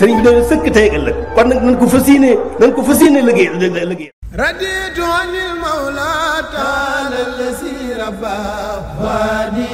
sëriñ bi dañu ko fas yéene ko fas yéene liggéey liggéey raditu anil mawla taala lasi rabba wadi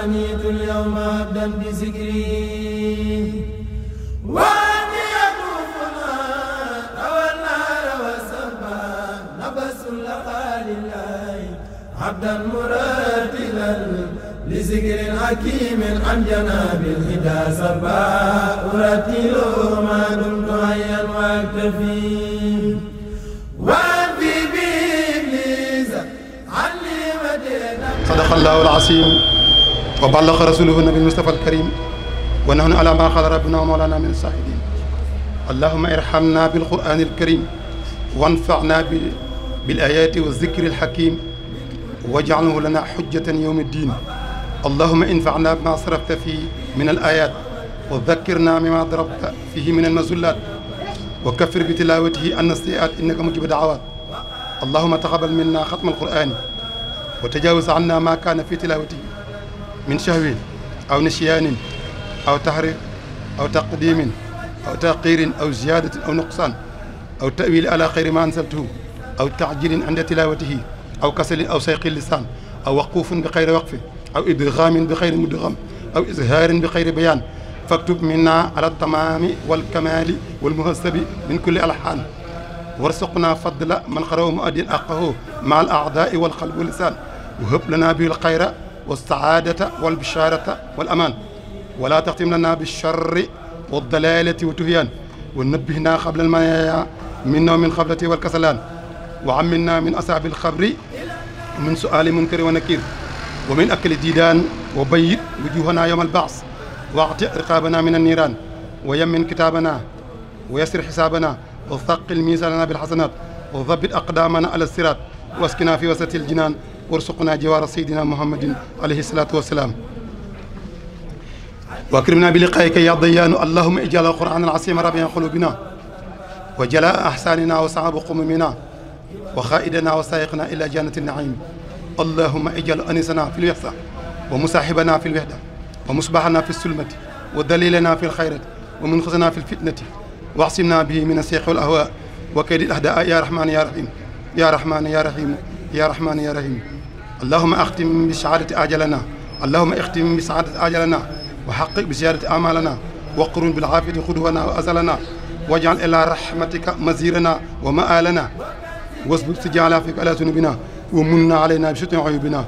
فأنيت اليوم عبدا بذكري وأني أطوف روى النار وسبا نبس لقى لله عبدا مرتلا لذكر حكيم عن جناب الهدى سبا أرتل ما دمت حيا وأكتفي صدق الله العظيم wa ballaqa rasuluhu nabi mustafa alkarim wa nahnu ala ma xala rabbina wa mawlana min alsahidin allahuma irhamna bilqurani alkarim wanfana bi bilayati wa zikri alhakim waj'alhu lana hujjatan yawma ddin allahuma infana bima sarafta fi min alayat wa dhakkirna mima darabta fihi min almazullat wa kaffir bi tilawatihi an nasiat innaka mujibu da'awat allahuma taqabbal minna khatma alqurani wa tajawaz anna ma kana fi tilawatihi min shahwin aw nisyaanin aw tahrir aw taqdimin aw taqirin aw ziyadatin aw nuqsaan aw tawili ala xeyri ma ansaltuhu aw taajilin inda tilawatihi aw kasalin aw sayqi lisaan aw waqufun bi xeyri waqfi aw idgaamin bi xeyri mudgaam aw izhaarin bi xeyri bayaan faktub minna ala tamaami wal kamaali wal muhasabi min kulli alxaan warsuqnaa fadla man xarawa mu addin aqahu ma al aadaai wal qalbi wal lisaan wa hëb lanaa bihi l xayra والسعادة والبشارة والأمان ولا تختم لنا بالشر والضلالة والتهيان ونبهنا قبل المنايا منا ومن خفلة والكسلان وعمنا من أصعب الخبر ومن سؤال منكر ونكير ومن أكل الديدان وبيض وجوهنا يوم البعث واعتق رقابنا من النيران ويمن كتابنا ويسر حسابنا وثقل ميزاننا بالحسنات وضبط أقدامنا على الصراط واسكنا في وسط الجنان warsuqnaa jiwaara sayyidina muhammadin alayhi salaatu wa salaam wa akrimnaa bi liqaa'ika yaa dayyaanu allahumma ij'al al-qur'aana al-'aziima rabii'a quluubinaa wa jalaa'a ahsaaninaa wa sa'aaba qumuuminaa wa xaa'idanaa wa saa'iqanaa ilaa jannati na'iim allahumma ij'al aniisanaa fil wahda wa musaahibanaa fil wahda wa musbahanaa fi sulmati wa daliilanaa fil xayrati wa munqisanaa fil fitnati واعصمنا به من السيق والأهواء وكيد الأعداء يا رحمن يا رحيم يا رحمن يا رحيم يا رحمن يا رحيم اللهم اختم بسعادة آجلنا اللهم اختم بسعادة آجلنا وحقق بزيادة آمالنا وقرن بالعافية قدونا وأزلنا واجعل إلى رحمتك مزيرنا ومآلنا واصبر استجالافك على ذنوبنا ومن علينا بشتم عيوبنا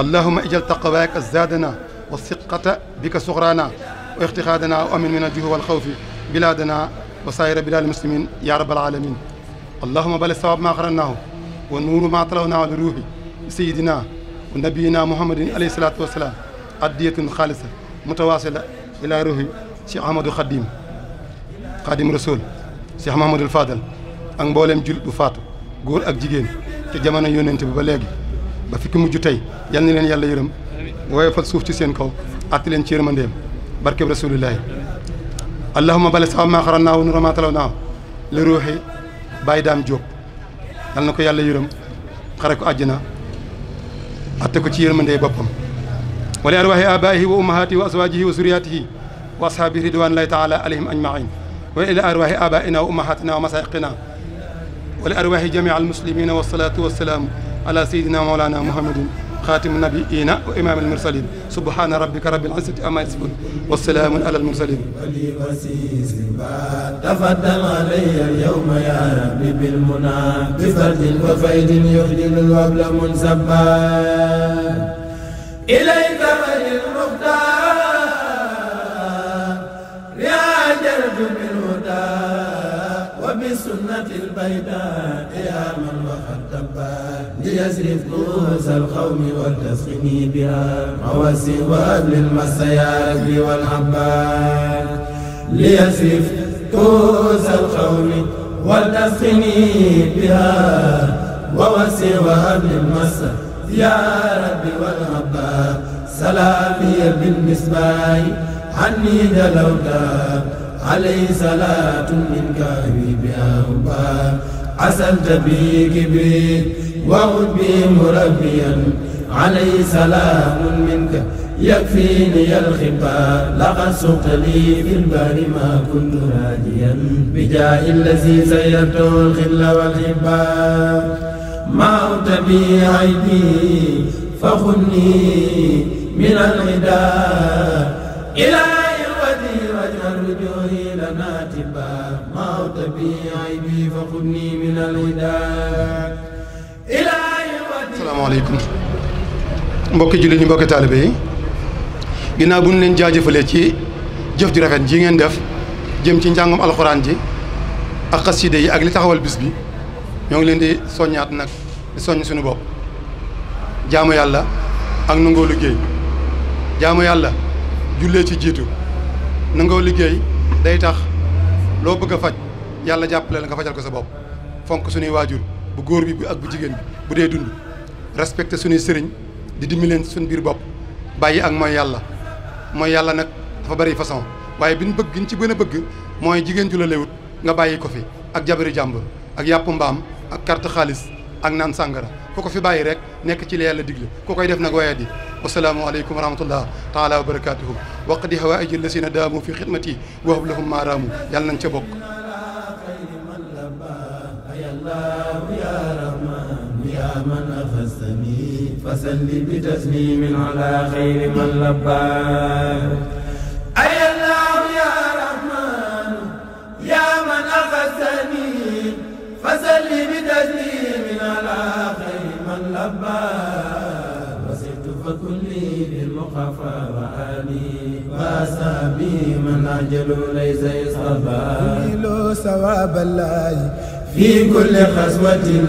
اللهم اجعل تقواك أزدادنا والثقة بك صغرانا واختخادنا وأمن من الجوع والخوف بلادنا وسائر بلاد المسلمين يا رب العالمين اللهم بلغ الثواب ما أخرناه wa nuuru maa talaw naa wala ruuxi sayidina wa nabiyina muhammadin alayhi salaatu wa salaam addiyatun xaalisa mutawaasila ilaa ruuxi Cheikh Ahmadou Khadim Khadim Rasoul Cheikh Mahamadul Fadal ak mbooleem jullit bu faatu góor ak jigéen te jamono yónnente bi ba léegi ba fi ki tey yal na leen yàlla yërëm woyofal suuf ci seen kaw àtti leen ci yërmandeem barkeb rasulillahi allahuma bale sawa maaxara naaw nu ramatalaw naaw li ruuxi bàyyi daam jóob yal na ko yàlla yërëm xare ko àjjana atte ko ci yërmandey boppam wa li arwaahi abaa'ihi wa ummahaatihi wa azwaajihi wa zuriyaatihi wa ashaabihi ridwanullahi taala alayhim ajmain wa ila arwaahi abaa'ina wa ummahaatina wa masaayiqina wa li arwaahi jamii almuslimina wasalaatu wasalaamu ala sayidina mawlana muhammadin xaatimu nabiina wa imaam al mursalin subhaana rabbika rabbil izzati amma yasifun wa salaamun ala al mursalin tafaddal alayya al yawma ya rabbi bil muna bi fardin wa faydin yuxjilul wabla munsabba ilayka البيداء يا من وقد تبى ليسرف كؤوس القوم ولتسقني بها مواسي وابل المسيارك والعباد ليسرف كؤوس القوم ولتسقني بها ووسي وابل المسيارك يا ربي والعباد سلامي بالمسباي عني جلوتا عليه صلاة منك بأوبار عسلت بي كبريت وغبي مربيا عليه سلام منك يكفيني الخبار لقد سقت لي في البار ما كنت راجيا بجاه الذي سيرته الخل والحبار ما أوت بي عيني فخني من الغداء إلى asalaamaaleykum mbokki jullit ñi mbokki taalibe yi ginnaaw bu ñu leen jaajëfalee ci jëf ju rafet ji ngeen def jëm ci njàngum alxuraan ji ak xaside yi ak li taxawal bis bi ñoo ngi leen di soññaat nag di soññ suñu bopp jaamu yàlla ak nangoo liggéey jaamu yàlla jullee ci jiitu nangoo liggéey day tax loo bëgg a faj yàlla jàppale la nga fajal ko sa bopp fonk suñuy waajur bu góor bi ak bu jigéen bi bu dee dund respecté suñuy sëriñ di dimbi leen suñ biir bopp bàyyi ak mooy yàlla mooy yàlla nag dafa bari façon waaye bi ñu bëgg ñu ci gën a bëgg mooy jigéen ju la lewut nga bàyyi ko fi ak jabari jàmbur ak yàpp mbaam ak carte xaalis ak naan sàngara ku ko fi bàyyi rek nekk ci la yàlla digle ku koy def nag waaye di wasalaamu aleykum wa rahmatullah taala wa barakatuhu waqdi hawaïji lasina daamu fi xidmati wa hablahum maaraamu yàlla nañ ca bokk فسلي بتسليم على خير من لباه أي الله يا رحمن يا من أخذني فسلي بتسليم على خير من لباه وسرت فكلي بالمخفى وآلي وأسامي من أجل ليس يصطفى سواب الله في كل خصوة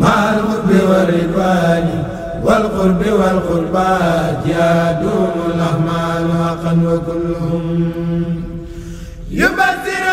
مع الحب والرضوان والقرب والقربات يا دوم الرحمن حقا وكلهم يبصر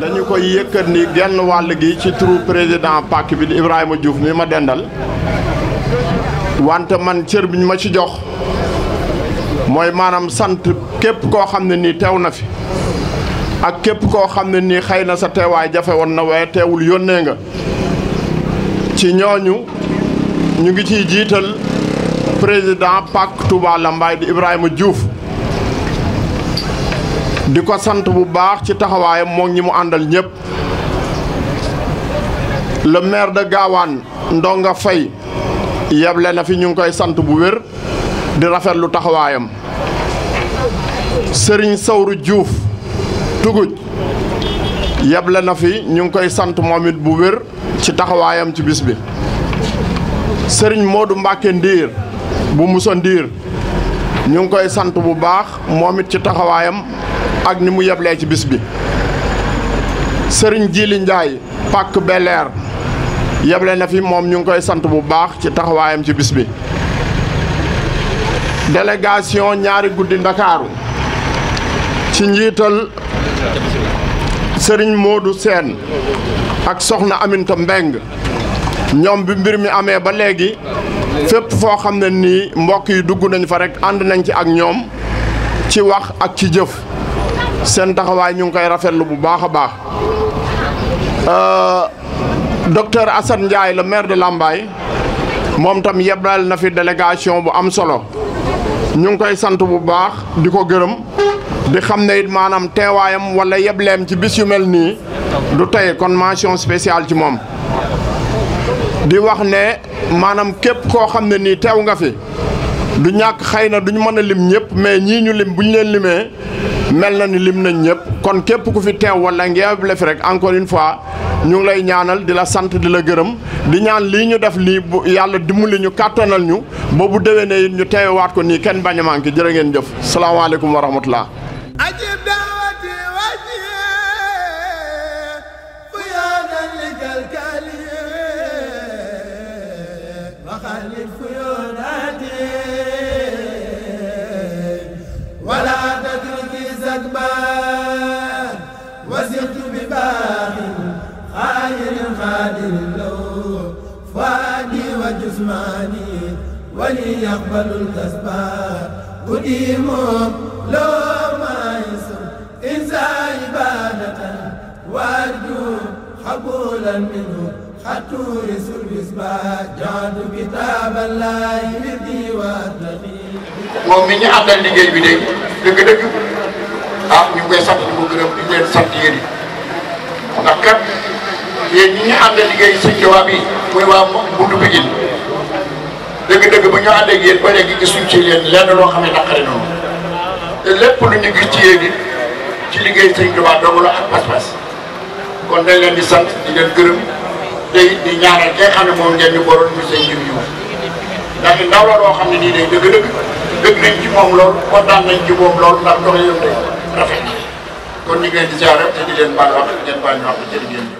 dañu koy yëkkat ni genn wàll gi ci turu président pàkk bi Ibrahima Diouf mi ma dendal wante man cër biñ ma ci jox mooy maanaam sant képp koo xam ne nii teew na fi ak képp koo xam ne nii xëy na sa teewaay jafe woon na waaye teewul yónnee nga ci ñooñu ñu ngi ciy jiital président pàkk Touba mbaay di Ibrahima juuf di ko sant bu baax ci taxawaayam moo ñi mu àndal ñépp le maire de Gawane Ndonga Faye yeble na fi ñu ngi koy sant bu wér di rafet lu taxawaayam sëriñ sëwru juuf Tuguj yeble na fi ñu ngi koy sant moom bu wér ci taxawaayam ci bis bi Serigne Modou Mbacke Ndiir bu Moussa Ndiir ñu ngi koy sant bu baax moomit ci taxawaayam ak ni mu yeblee ci bis bi sëriñ Jili Njaay pàkk bel yeble na fi moom ñu ngi koy sant bu baax ci taxawaayam ci bis bi délégation ñaari guddi ndakaaru ci njiital sëriñ Modou Sène ak soxna aminto Mbeng ñoom bi mbir mi amee ba léegi fépp foo xam ne nii mbokk yi dugg nañ fa rekk ànd nañ ci ak ñoom ci wax ak ci jëf seen taxawaay ñu ngi koy rafetlu bu baax a baax euh, docteur Assane Ndiaye le maire de Lambaye moom tam yebal na fi délégation bu am solo ñu ngi koy sant bu baax di ko gërëm di xam ne it maanaam teewaayam wala yebleem ci bis yu mel nii du tey kon mention spéciale ci moom di wax ne maanaam képp koo xam ne nii teew nga fi du ñàkk xëy na duñ mën a lim ñëpp mais ñii ñu lim buñ leen limee mel na ni lim nañ ñëpp kon képp ku fi teew wala ngeew la fi rek encore fois ñu ngi lay ñaanal di la sant di la gërëm di ñaan lii ñu def lii bu yàlla dimbali ñu kàttanal ñu ba bu déwénee it ñu teewaat ko nii kenn bañ a manqué jërë ngeen jëf salaamaaleykum wa rahmatullah خلي الخيول له فؤادي وجسماني وليقبل الكسبان أديم لو ما يسر إنسى عبادة وأرجو قبولا منه خطور سلبسبا جعد كتاب الله يهدي وأتقي moom mi ñu àndal liggéey bi de dëgg-dëgg ah ñu ngi koy sant di ko gërëm di leen sant yéen yéen ñi ñu àndal liggéey sëñ Tuubaa bi muy waa Buntu Pikine dëgg-dëgg ba ñu ànd ak yéen ba léegi gisuñ ci leen lenn loo xam ne naqari noonu te lépp lu ñu gis ci yéen it ci liggéey sëñ Tuubaa doomu la ak pas-pas kon dañ leen di sant di leen gërëm tey di ñaanal kay xam ne moom ngeen ñu boroon ñu seen jiw yiw ndax ndaw la loo xam ne nii day dëgg-dëgg dëgg nañ ci moom lool kontaan nañ ci moom ndax doxalinam day rafet kon ñu ngi di ziare te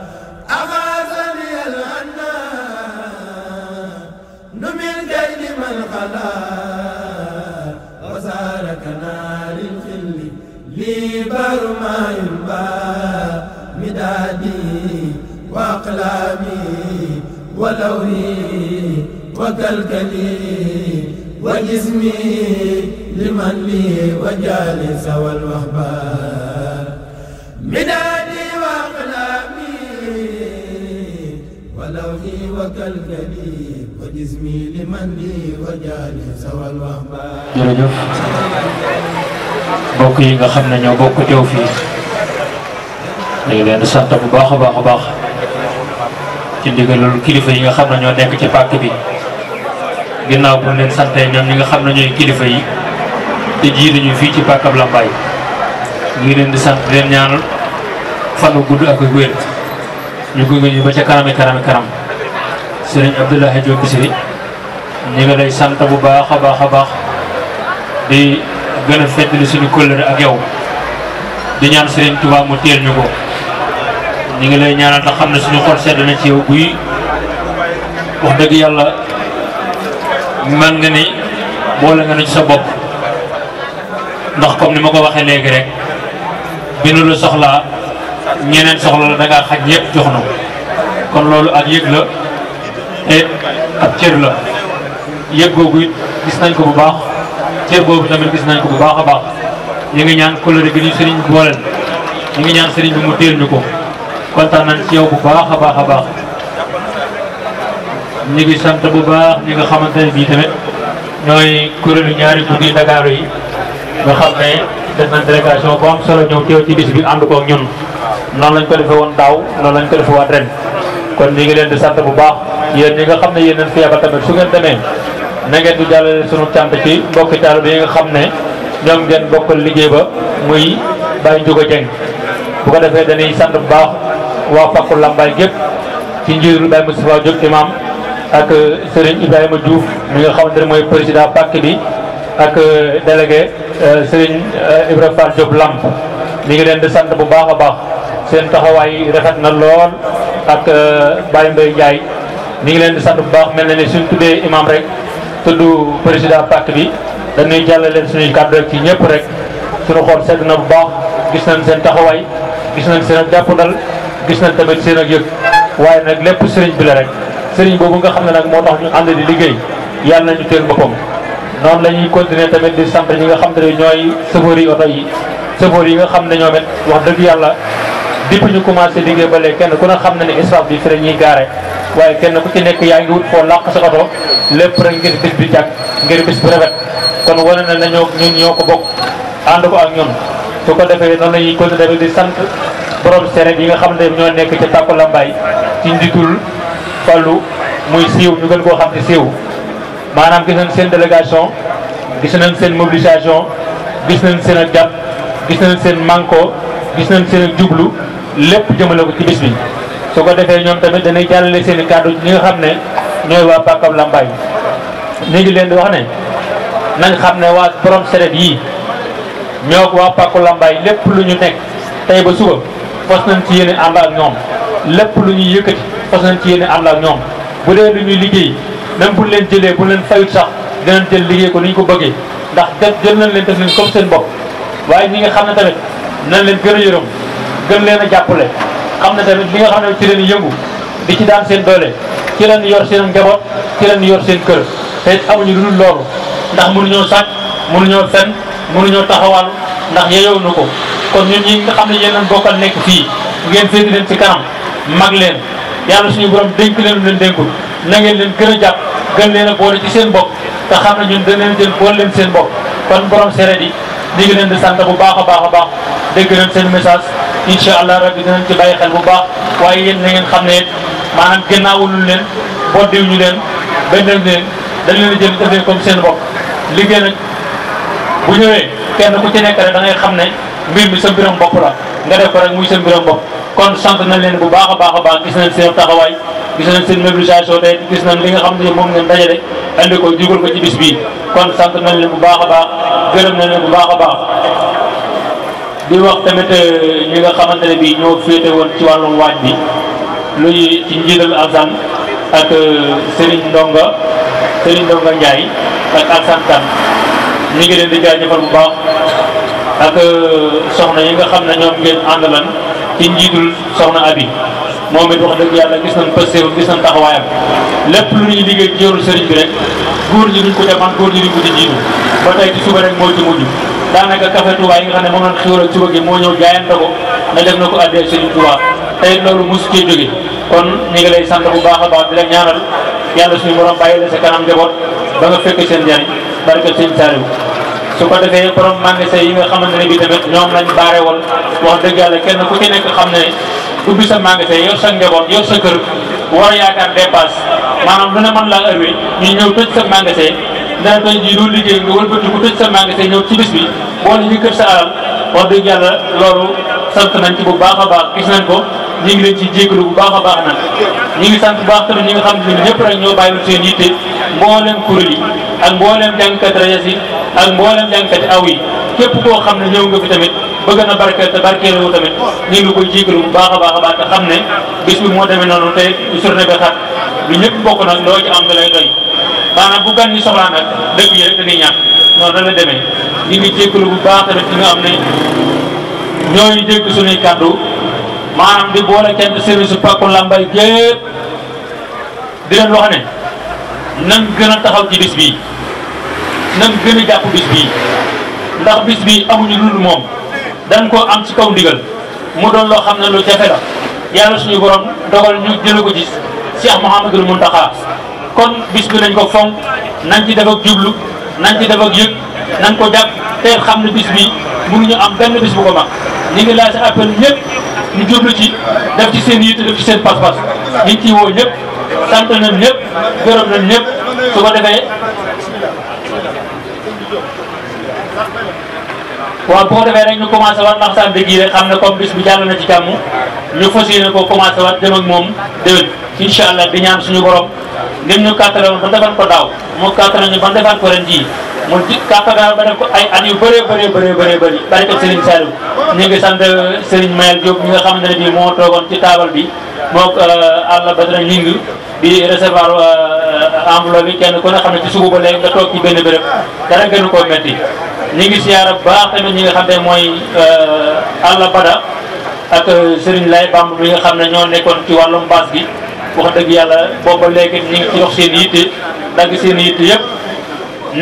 وكلكلي وجسمي لمن لي وجالس والوهبان منادي وأقلامي ولوحي وكلكلي وجسمي لمن لي وجالس والوهبان jërëjëf mbokk yi nga xam ne ñoo bokk teew fii ñu ngi leen di sant bu baax a baax a baax ci ndigalul kilifa yi nga xam ne ñoo nekk ci pàkk bi ginnaaw bu leen santee ñoom ñi nga xam ne ñooy kilifa yi te jiitu ñu fii ci pàkkab Lambaay ñu ngi leen di sant leen ñaanal fan wu gudd ak wér ñu gunge ñu ba ca kaname kaname kanam sëriñ Abdoulaye Diop Bichri ñi nga lay sant bu baax a baax a baax di gën a feddali suñu kóllëre ak yow di ñaan sëriñ Tuubaa mu teel ñu ko ñi ngi lay ñaanal xam ne suñu xol sedd na ci yow buy wax dëgg yàlla mel na ni boole nga nu ci sa bopp ndax comme ni ma ko waxee léegi rek bi nu la soxlaa ñeneen soxla la da ngaa xaj yëpp jox na kon loolu ak yëg la te ab cër la yëg googu gis nañ ko bu baax cër boobu tamit gis nañ ko bu baax a baax ñu ngi ñaan kóllëre gi ñu sëriñ booleel ñu ngi ñaan sëriñ bi mu téel ñu ko kontaan nañ ci yow bu baax a baax a baax. ñu ngi sant bu baax ñi nga xamante ne bii tamit ñooy kuréelu ñaari tukki Dakar yi nga xam ne def nañ délégation bu am solo ñëw teew lañ ko defee woon daaw ko defee waat ren kon ñu leen di sant bu baax yéen ñi nga xam ne yéen nañ fi tamit su ngeen demee na ngeen di jàllale sunu sant ci mbokki taal bi nga xam ne ñoom ngeen bokkal liggéey ba muy Baye Ndiouga Dieng bu ko defee dañuy sant bu baax waa Fakku Lambaay gépp ci njiiru Baye Moustapha Diop imam ak euh, Serigne Ibrahima Diouf mi ngi xamante ne mooy président pàcc bi ak euh, délégué euh, Serigne Ibrahima Fall Diop Lamp mu ngi leen di sant bu baax a baax seen taxawaay rafet na lool ak Baye Mbaye Ndiaye mi ngi leen di sant bu baax mel na ni suñ tuddee imam rek tudd président pàcc bi dañuy jàll leen suñu kàddu rek ci ñëpp rek suñu xool sedd na bu baax gis nañ seen taxawaay gis nañ seen ak dal gis nañ tamit seen ak yëg waaye nag lépp sëriñ bi la rek. sëriñ boobu nga xam ne nag moo tax ñu ànd di liggéey yàlla ñu teel boppam noonu la ñuy continuer tamit di sant ñi nga xam ne ñooy sëfoor yi oto yi sëfoor yi nga xam ne ñoo it wax dëgg yàlla depuis ñu commencé liggéey ba léegi kenn ku ne xam ne ne israf bi fi ñuy gaare waaye kenn ku ci nekk yaa ngi wut foo làq sa lépp rek ngir bis bi jàkk ngir bis bu rafet kon wane na nañoo ñun ñoo ko bokk ànd ko ak ñun ko defee noonu la ñuy continuer di sant borom yi nga xam ne ñoo nekk ca Tàkku Lambaay ci njiitul fallu muy siiw ñu gën koo xam ne siiw maanaam gis nañ seen délégation gis nañ seen mobilisation gis nañ seen ak jàpp gis nañ seen manko gis nañ seen jublu lépp jëmale ko ci bis bi su ko defee ñoom tamit danay jàllale seen i kàddu ñi nga xam ne ñooy waa Pakam Lambaay ñu ngi leen di wax ne nañ xam ne waa borom seret yii ñoo waa Pakam Lambaay lépp lu ñu nekk tey ba suba fas nañ ci yéene ànd ak ñoom lépp lu ñuy yëkkati fas nañ ci yéene ànd ak ñoom bu dee lu liggéey même buñ leen jëlee bu leen fayut sax dinañ jël liggéey ko ni ko bëggee ndax def jël nañ leen def leen seen bopp waaye ñi nga xam ne tamit nañ leen gën a yërëm gën leen a jàppale xam ne tamit li nga xam ne ci leen yëngu di ci daan seen doole ci leen yor seen njaboot ci leen yor seen kër te it amuñu lu dul loolu ndax mu mënuñoo sàcc mënuñoo fen ñoo taxawal ndax yeyoo nu ko kon ñun ñi xam ne yéen a bokkal nekk fii ngeen féete leen ci kanam mag leen yàlla suñu borom dénk leen lu leen dénkul na ngeen leen gën a jàpp gën leen a boole ci seen bopp te xam ne ñun dañ leen jël boole leen seen bopp kon borom sereet yi ñu ngi di sant bu baax a baax a baax dégg nañ seen message incha allah rabbi dinañ ci bàyyi xel bu baax waaye yéen na ngeen xam ne maanaam gannaawulul leen ñu leen benn leen dañ leen jël def leen comme seen bopp liggéey nag bu ñëwee kenn ku ci nekk rek da ngay xam ne mbir mi sa mbiram bopp la nga def ko rek muy sa mbiram bopp kon sant na leen bu baax a baax a baax gis nañ seen taxawaay gis nañ seen mobilisation tey gis na li nga xam ne moom ngeen dajale andi ko jugal ko ci bis bii kon sant nañ leen bu baax a baax gërëm na leen bu baax a baax di wax tamit euh, ñi nga xamante ne bii ñoo féete woon ci wàllum waaj bi luy ci njiital Alsane ak euh, Serigne Ndonga Serigne Ndonga Ndiaye ak Alsane Kane ñu leen di jaajëfal bu baax ak euh, soxna yi nga xam ne ñoom ngeen àndalan ci njiitul soxna abi moom it wax dëgg yàlla gis nañ pëstéew gis nañ taxawaayam lépp lu ñuy liggéey ci sëriñ bi rek góor ñi duñ ko defan góor ñi duñ ko ci jiitu ba tey ci suba rek moo ci mujj daanaka café Touba nga xam ne moom lañ xiwal suba gi moo ñëw jaayam ko na def na ko addee sëriñ Touba tey loolu mosu cee jóge kon ñu ngi lay sant bu baax a baax di la ñaanal yàlla suñu borom bàyyi la sa kanam njaboot ba nga fekk seen njariñ barke sëñ Saliou su ko defee borom magasin yi nga xamante ne bi tamit ñoom lañ baare woon wax dëgg yàlla kenn ku ci nekk xam ne ubbi sa magasin yow sa njaboot yow sa kër war a yaakaar dépasse maanaam lu ne mën laa ërwee ñu ñëw tëj sa magasin ndax tey jii doo liggéey nga wëlbati ku tëj sa magasin ñëw ci bis bi boole ñu kër sa alal wax dëgg yàlla loolu sant nañ ci bu baax a baax gis nañ ko ñu ngi leen ci jégalu bu baax a baax na ñu ngi sant bu baax tamit ñi nga xam ne ñëpp ñoo bàyyi seen yitte mbooleem kuréel yi ak mboolem jàngkat rajas ak mboolem jàngkat aw yi képp koo xam ne ñëw nga fi tamit bëgg na barkeel te barkeelu tamit ñu ngi koy jiikalu bu baax a baax a baax te xam ne bés bi moo demee noonu te journée bi xat lu ñëpp bokk nag loo ci am da lay doy maanaam bu gan ñi soxlaa nag dëkk yi rek dañuy demee ñu ngi jégalu bu baax tamit ñi nga xam ne ñooy su suñuy kàddu maanaam di boole kenn service su Paku Lambaye gépp di leen wax ne nan gën a taxaw ci bis bii nan gën a jàpp bis bii ndax bis bii amuñu lu moom dañ koo am ci kaw ndigal mu doon loo xam ne lu jafe la yàlla suñu borom dogal ñu jële ko ci Cheikh mu Mountakha kon bis bi nañ ko fonk nañ ci def ak jublu nañ ci def ak yëg nañ ko jàpp te xam ne bis bi mënuñu am benn bis bu ko mag ñu ngi laaj appel ñëpp ñu jublu ci def ci seen yitte def ci seen pas-pas ñu ngi ciy woo ñëpp sant nañ ñëpp gërëm na ñëpp su ko defee waaw bu ko defee rek ñu commencé waat ndax sant gi rek xam ne comme bis bi jàll na ci jàmm ñu fas yéene ko commencé waat dem ak moom déwén incha allah di ñaan suñu borom ngeen ñu kàttanal ba defal ko daaw mu kàttanal ñu ba defal ko ren jii mu kàttanal ba def ko ay at yu bëree bëree bëree bëree bëri barke Serigne Saliou ñu ngi sant Serigne Mayel Diop ñi nga xam ne bii moo toogoon ci taabal bi mook àll euh, ba di recevoir euh, euh, enveloppe bi kenn ku ne xam ne ci suba ba léegi nga toog ci benn béréb dara gënu koo métti ñu ngi siyaara baax tamit ñi nga xam ne mooy àlla euh, bada ak Serigne Lay Bamb bi nga xam ne ñoo nekkoon ci wàllum baas bi wax dëgg yàlla booba léegi ñu ngi ci dox seen yitte dagg seen yitte yëpp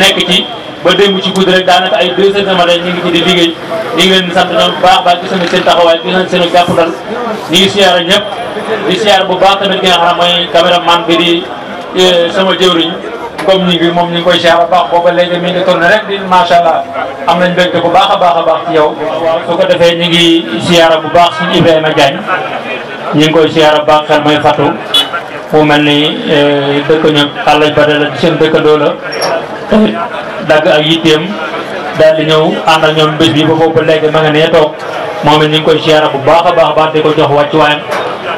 nekk ci ba démb ci guddi rek daanaka ay deux heures dama dañ ñu ngi ci di liggéey ñu ngi leen di sant ñoom baax baax gis nañ seen taxawaay gis nañ seen jàppandal ñu ngi siyaar ñëpp di siyaar bu baax tamit ki nga xam mooy caméraman bi di e, sama jëwriñ comme ñu ngi moom ñu ngi koy siyaar bu baax booba léegi mi ngi tourné rek di macha allah am nañ mbégte bu baax a baax a baax ci yow su ko defee ñu ngi siyaar bu baax suñu Ibrahima Diagne ñu ngi koy siyaar bu baax mooy Fatou fu mel ni e, dëkk ñu àll ba la seen dëkkandoo la dagg ak yitteem daal di ñëw ànd ak ñoom bés bi ba boobu léegi ma nga nee toog moom it ñu ngi koy siyaara bu baax a baax baax di ko jox wàccuwaayam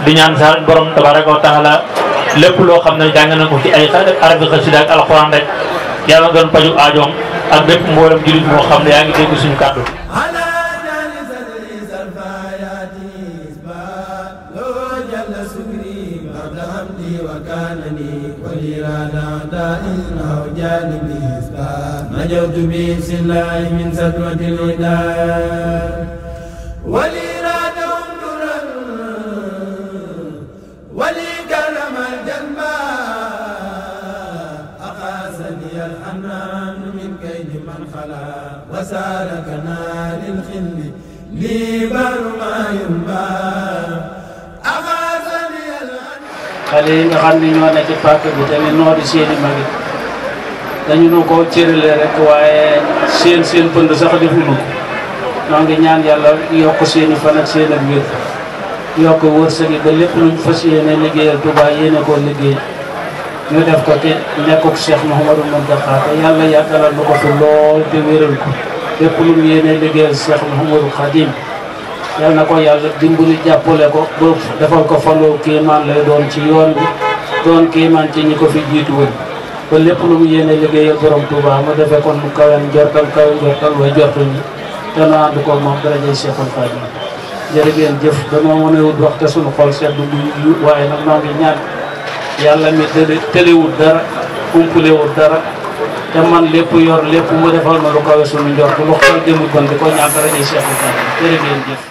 di ñaan sa borom tabaraka wa taala lépp loo xam ne jàng na ko ci ay xarit arabi si ak alxuraan rek yàlla gën paju aajoom ak bépp mboolem jullit moo xam ne yaa ngi dégg suñu kàddu حمدي وكانني وليراد أعداء أو جانبي إسلام نجوت بإنس الله من سطوة الهداية وليراد أمدرا ولي كرم الجنة أقاسني الحنان من كيد من خلا وسالكنا للخل لي بر ما ينبغي xale yi nga xam ne ñoo nekk ci pàkk bi tamit noo di seeni mag yi dañu nu ko cërale rek waaye seen seen pënd sax defuñu ko noo ngi ñaan yàlla yokk seeni fan ak seen ak wér yokk wërsëg yi ba lépp luñ fas yéene liggéeyal Touba yéene koo liggéey ñu def ko te nekkuk Cheikh Mouhamadou Mountakha te yàlla yàggalal nu ko fi lool te wéral ko lépp lu mu yéene liggéeyal Cheikh Mouhamadou Khadim yal na ko yàlla dimbali jàppale ko ba defal ko falu kiimaan lay doon ci yoon bi doon kiimaan ci ñi ko fi jiitu woon ba lépp lu mu yéene liggéeyal borom Touba mu defee kon mu kawen jortal kawen jortal way jortu ñi te nu ànd ko moom daraje Cheikhul Khadim jërë ngeen jëf dama mën a wut waxte sunu xol yàlla mi tële tëlewul dara kumpulewul dara te man lépp yor lépp mu defal ma lu kawe sunu njort lu xol demul kon di ko ñaan daraje Cheikhul Khadim jërë ngeen jëf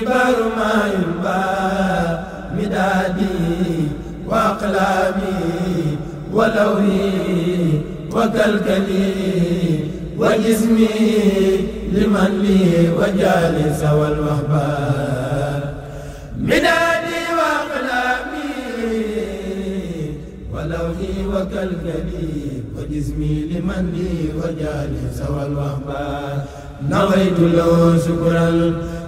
برما ينبع مدادي وأقلامي ولوي وكالكلي وجسمي لمن لي وجالس والوهبة مدادي وأقلامي ولوي وكالكلي وجسمي لمن لي وجالس والوهبة نويت له شكرا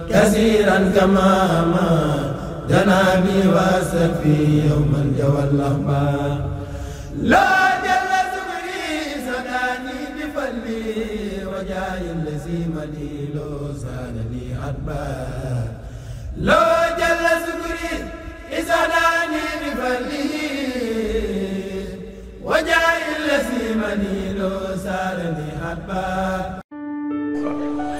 كثيرا كما دنا بي واسفي يوما جوى اللهبا لا جل سكري سداني بفلي وجاي الذي مليلو سالني عدبا لا جل سكري سداني بفلي وجاي الذي مليلو سالني عدبا